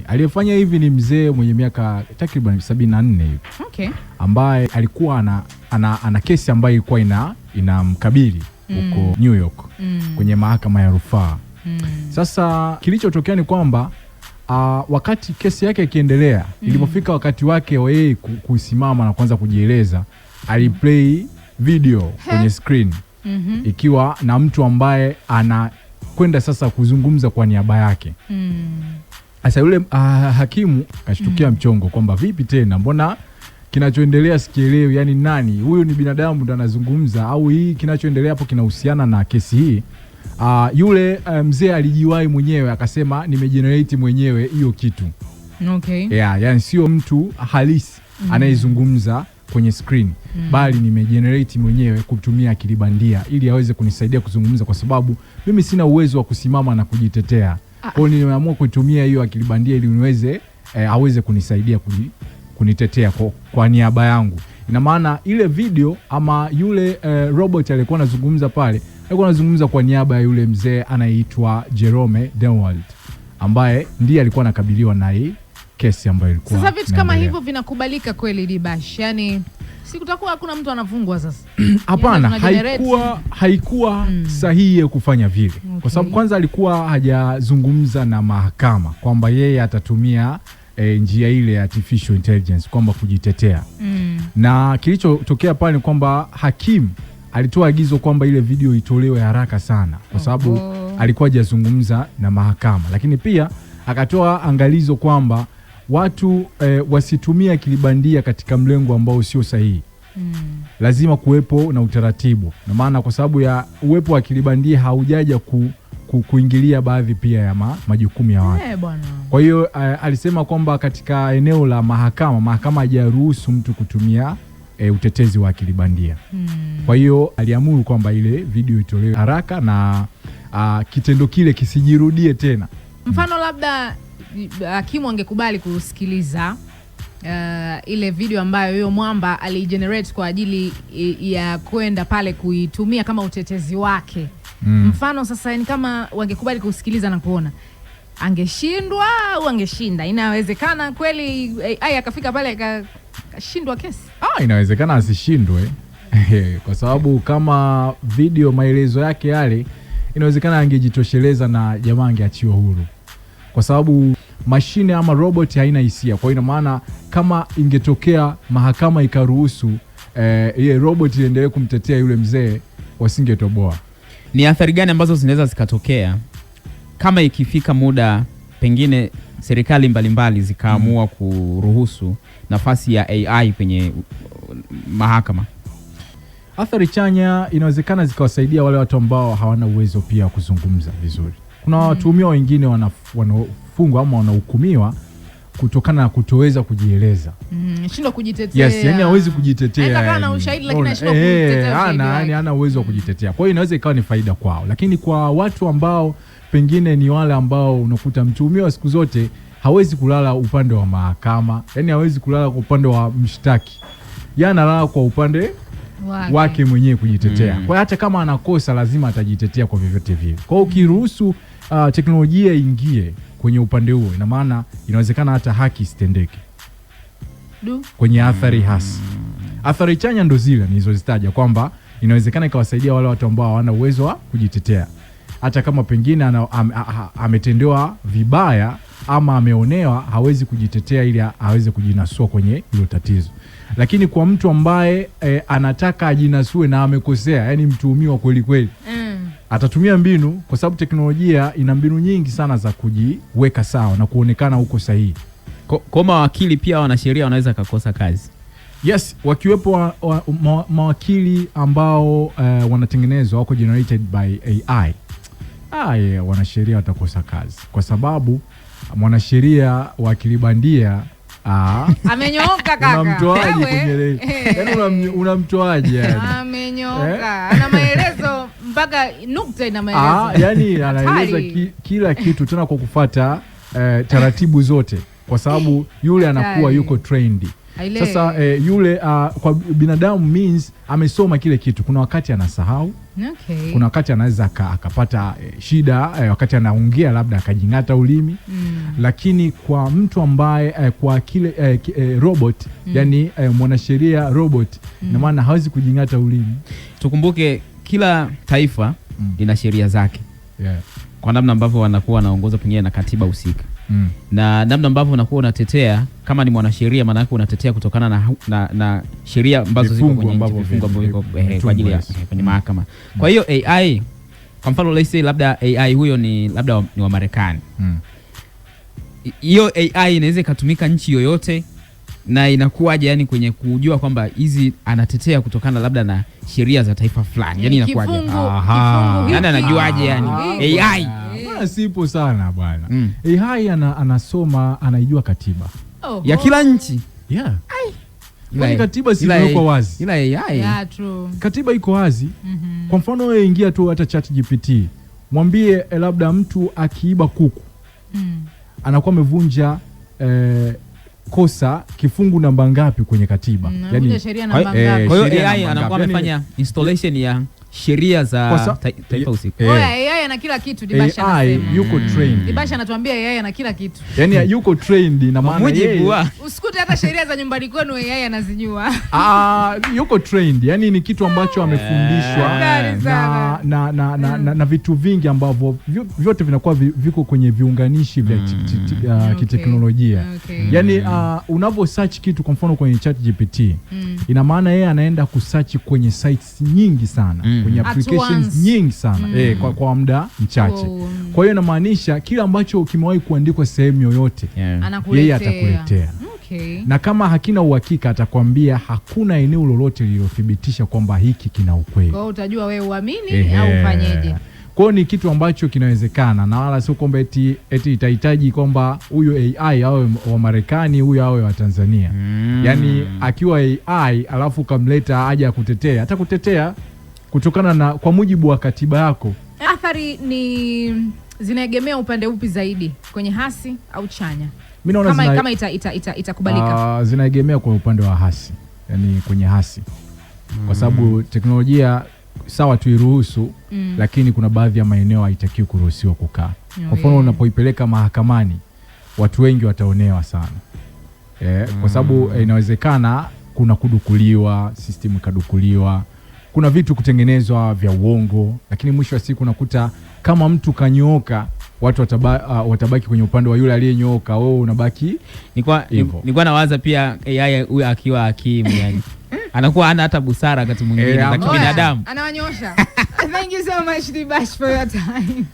fulani. Aliyefanya hivi ni mzee mwenye miaka takriban sabini na nne hivi okay, ambaye alikuwa ana, ana, ana kesi ambayo ilikuwa ina inamkabili mm. huko mm. New York mm. kwenye mahakama ya rufaa mm. Sasa kilichotokea ni kwamba Uh, wakati kesi yake ikiendelea mm. ilipofika wakati wake wa yeye kusimama na kuanza kujieleza, aliplay video He. kwenye screen mm -hmm. ikiwa na mtu ambaye anakwenda sasa kuzungumza kwa niaba yake mm. Sasa yule uh, hakimu kashtukia mm. mchongo kwamba vipi tena, mbona kinachoendelea sikielewi, yani nani huyu? Ni binadamu ndo anazungumza au hii kinachoendelea hapo kinahusiana na kesi hii? Uh, yule eh, mzee alijiwahi mwenyewe akasema nimejenerate mwenyewe hiyo kitu okay. Yeah, yani sio mtu halisi mm. anayezungumza kwenye screen mm. bali nimejenerate mwenyewe kutumia akili bandia ili aweze kunisaidia kuzungumza, kwa sababu mimi sina uwezo wa kusimama na kujitetea kwao nimeamua kuitumia hiyo akili bandia ili niweze e, aweze kunisaidia kuni, kunitetea kwa, kwa niaba yangu. Ina maana ile video ama yule e, robot aliyekuwa anazungumza pale alikuwa anazungumza kwa niaba ya yule mzee anayeitwa Jerome Denwald ambaye ndiye alikuwa anakabiliwa na hii kesi ambayo ilikuwa. Sasa vitu kama hivyo vinakubalika kweli Dibash? yani kutakuwa hakuna mtu anafungwa sasa. Hapana, yaani haikuwa, haikuwa mm. sahihi ya kufanya vile okay. Kwa sababu kwanza alikuwa hajazungumza na mahakama kwamba yeye atatumia e, njia ile ya artificial intelligence kwamba kujitetea mm. na kilichotokea pale ni kwamba hakimu alitoa agizo kwamba ile video itolewe haraka sana kwa oh, sababu oh. alikuwa hajazungumza na mahakama, lakini pia akatoa angalizo kwamba watu eh, wasitumie akili bandia katika mlengo ambao sio sahihi. Mm. Lazima kuwepo na utaratibu, na maana kwa sababu ya uwepo wa akili bandia haujaja ku, ku, kuingilia baadhi pia ya ma, majukumu ya watu. Hey, eh, Kwa hiyo eh, alisema kwamba katika eneo la mahakama, mahakama hajaruhusu mtu kutumia E, utetezi wa akili bandia. Hmm. Kwa hiyo aliamuru kwamba ile video itolewe haraka na a, kitendo kile kisijirudie tena. Mfano labda hakimu angekubali kusikiliza Uh, ile video ambayo huyo mwamba aligenerate kwa ajili ya kwenda pale kuitumia kama utetezi wake. Mm. Mfano sasa ni kama wangekubali kusikiliza na kuona angeshindwa au angeshinda. Inawezekana kweli eh, AI akafika pale akashindwa kesi. Ah, inawezekana asishindwe kwa sababu kama video maelezo yake yale, inawezekana angejitosheleza na jamaa angeachiwa huru kwa sababu mashine ama robot haina hisia. Kwa ina maana kama ingetokea mahakama ikaruhusu eh, ye robot iendelee kumtetea yule mzee, wasingetoboa. Ni athari gani ambazo zinaweza zikatokea kama ikifika muda pengine serikali mbalimbali zikaamua mm. kuruhusu nafasi ya AI kwenye uh, mahakama? Athari chanya inawezekana zikawasaidia wale watu ambao hawana uwezo pia wa kuzungumza vizuri. Kuna mm. watuhumiwa wengine wana, wana wanafungwa ama wanahukumiwa kutokana na kutoweza kujieleza. Mm, shindwa kujitetea. Yes, yani hawezi kujitetea. Ana ushahidi lakini eh, kujitetea. Ana yani ana uwezo wa mm. kujitetea. Kwa hiyo inaweza ikawa ni faida kwao. Lakini kwa watu ambao pengine ni wale ambao unakuta mtuhumiwa siku zote hawezi kulala upande wa mahakama, yani hawezi kulala kwa upande wa mshtaki. ya analala kwa upande wake, wake mwenyewe kujitetea. Mm. Kwa hata kama anakosa lazima atajitetea kwa vyovyote vile. Kwa ukiruhusu mm uh, teknolojia ingie kwenye upande huo, ina maana inawezekana hata haki isitendeke kwenye athari hasi. Athari chanya ndo zile nilizozitaja kwamba inawezekana ikawasaidia wale watu ambao hawana uwezo wa kujitetea, hata kama pengine am, am, ametendewa vibaya ama ameonewa, hawezi kujitetea ili aweze kujinasua kwenye hilo tatizo. Lakini kwa mtu ambaye e, anataka ajinasue na amekosea, yani mtuhumiwa kweli kweli atatumia mbinu, kwa sababu teknolojia ina mbinu nyingi sana za kujiweka sawa na kuonekana huko sahihi. Kwa mawakili pia wanasheria wanaweza kakosa kazi. Yes, wakiwepo wa, wa, ma, mawakili ambao uh, wanatengenezwa wako generated by AI. Ah, yeah, wanasheria watakosa kazi kwa sababu mwanasheria wa kilibandia ah, amenyooka kaka. Unamtoaje kwenye? Yaani unamtoaje? Amenyooka. Ana maelezo mpaka nukta ina maelezo. Ah, yani anaeleza ki, kila kitu tena kwa kufuata eh, taratibu zote kwa sababu yule anakuwa yuko trendi sasa eh, yule uh, kwa binadamu means amesoma kile kitu. Kuna wakati anasahau okay. Kuna wakati anaweza akapata eh, shida eh, wakati anaongea labda akajing'ata ulimi mm. Lakini kwa mtu ambaye eh, kwa kile eh, eh, robot mm. Yani eh, mwanasheria robot mm. Na maana hawezi kujing'ata ulimi. Tukumbuke kila taifa mm. lina sheria zake yeah. kwa namna ambavyo wanakuwa wanaongoza pengine na katiba husika mm. na namna ambavyo unakuwa unatetea kama ni mwanasheria, maana yake unatetea kutokana na, na, na sheria ambazo ziko kwenye vifungu ambavyo viko eh, kwa ajili ya eh, kwenye mahakama mm. kwa hiyo AI kwa mfano let's say labda AI huyo ni labda ni wa Marekani mm. hiyo mm. AI inaweza ikatumika nchi yoyote na inakuwaje yani kwenye kujua kwamba hizi anatetea kutokana labda na sheria za taifa fulani, yani inakuwaje? Yani anajuaje? Yani AI bwana, sipo sana bwana mm. AI ana, anasoma anaijua katiba oh, ya kila nchi yeah. katiba si iko wazi? Ila AI. Yeah, true. Katiba iko wazi. Mm -hmm. Kwa mfano wewe ingia tu hata ChatGPT. Mwambie eh, labda mtu akiiba kuku. Mm. Anakuwa amevunja eh, kosa kifungu namba ngapi kwenye katiba? Yani, eh, Kwa hiyo AI anakuwa yaani amefanya installation ya sheria za taifa husika. Eh, eh. Yeye ana kila kitu, Dibasha eh, anasema. Yuko mm. trained. Dibasha anatuambia yeye ana kila kitu. Yaani yuko trained na maana yeye. Usikute hata sheria za nyumbani kwenu yeye anazijua. Ah, yuko trained. Yaani ni kitu ambacho ah. amefundishwa na na na na, mm. na, na vitu vingi ambavyo vyote vinakuwa viko kwenye viunganishi vya mm. uh, kiteknolojia. Okay. Yaani uh, unapo search kitu kwa mfano kwenye ChatGPT, ina maana yeye anaenda kusearch kwenye sites nyingi sana. Mm mm. kwenye applications nyingi sana mm. eh, kwa, kwa muda mchache oh. Mm. Kwa hiyo inamaanisha kila ambacho kimewahi kuandikwa sehemu yoyote yeah. yeye atakuletea okay. Na kama hakina uhakika atakwambia hakuna eneo lolote lililothibitisha kwamba hiki kina ukweli. Kwa utajua wewe uamini au ufanyeje? Kwa ni kitu ambacho kinawezekana na wala sio kwamba eti, eti itahitaji kwamba huyu AI awe wa Marekani huyo awe wa Tanzania mm. Yaani akiwa AI alafu ukamleta aje ya kutetea atakutetea kutokana na kwa mujibu wa katiba yako? Athari ni zinaegemea upande upi zaidi, kwenye hasi au chanya? Mimi naona kama, zina... kama ita, ita, ita, ita ah, zinaegemea kwa upande wa hasi, yani kwenye hasi mm. kwa sababu mm. teknolojia sawa tuiruhusu mm. lakini kuna baadhi ya maeneo haitakiwi kuruhusiwa kukaa. Kwa mfano unapoipeleka mahakamani watu wengi wataonewa sana eh, mm. kwa sababu mm. inawezekana kuna kudukuliwa, system ikadukuliwa kuna vitu kutengenezwa vya uongo, lakini mwisho wa siku unakuta kama mtu kanyooka watu wataba, uh, watabaki kwenye upande wa yule aliyenyooka, wewe unabaki. Nilikuwa nawaza pia yeye huyo akiwa akimu yani anakuwa hana hata busara wakati mwingine za eh, kibinadamu anawanyosha. Thank you so much Dibash for your time.